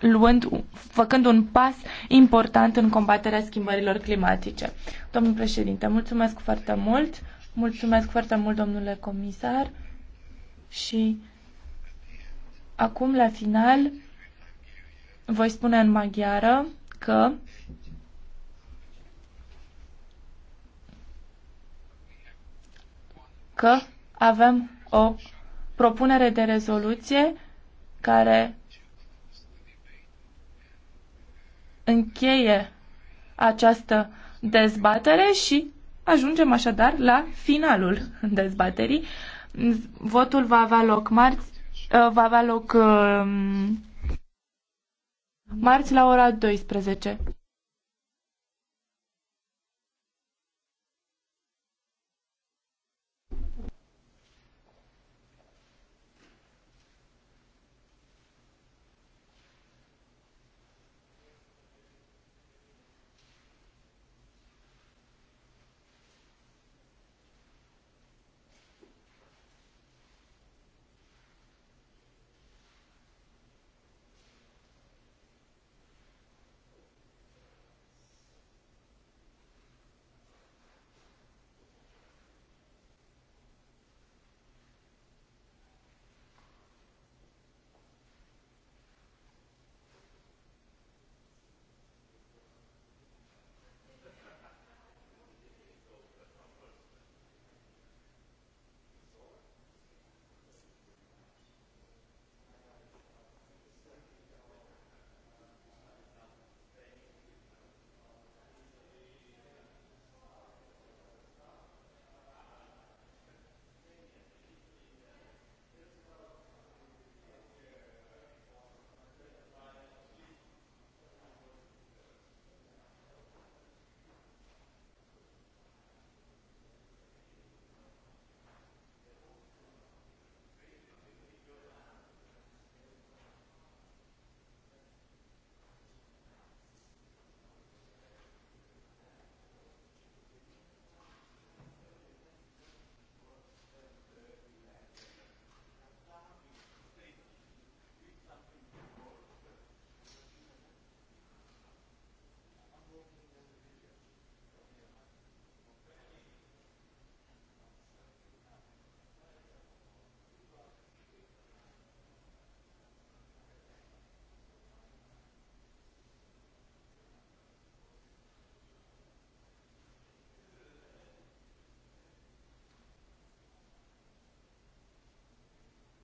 luând, făcând un pas important în combaterea schimbărilor climatice. Domnul președinte, mulțumesc foarte mult, mulțumesc foarte mult, domnule comisar, și acum, la final, voi spune în maghiară că că avem o propunere de rezoluție care încheie această dezbatere și ajungem așadar la finalul dezbaterii. Votul va avea loc marți, uh, va avea loc um, marți la ora 12.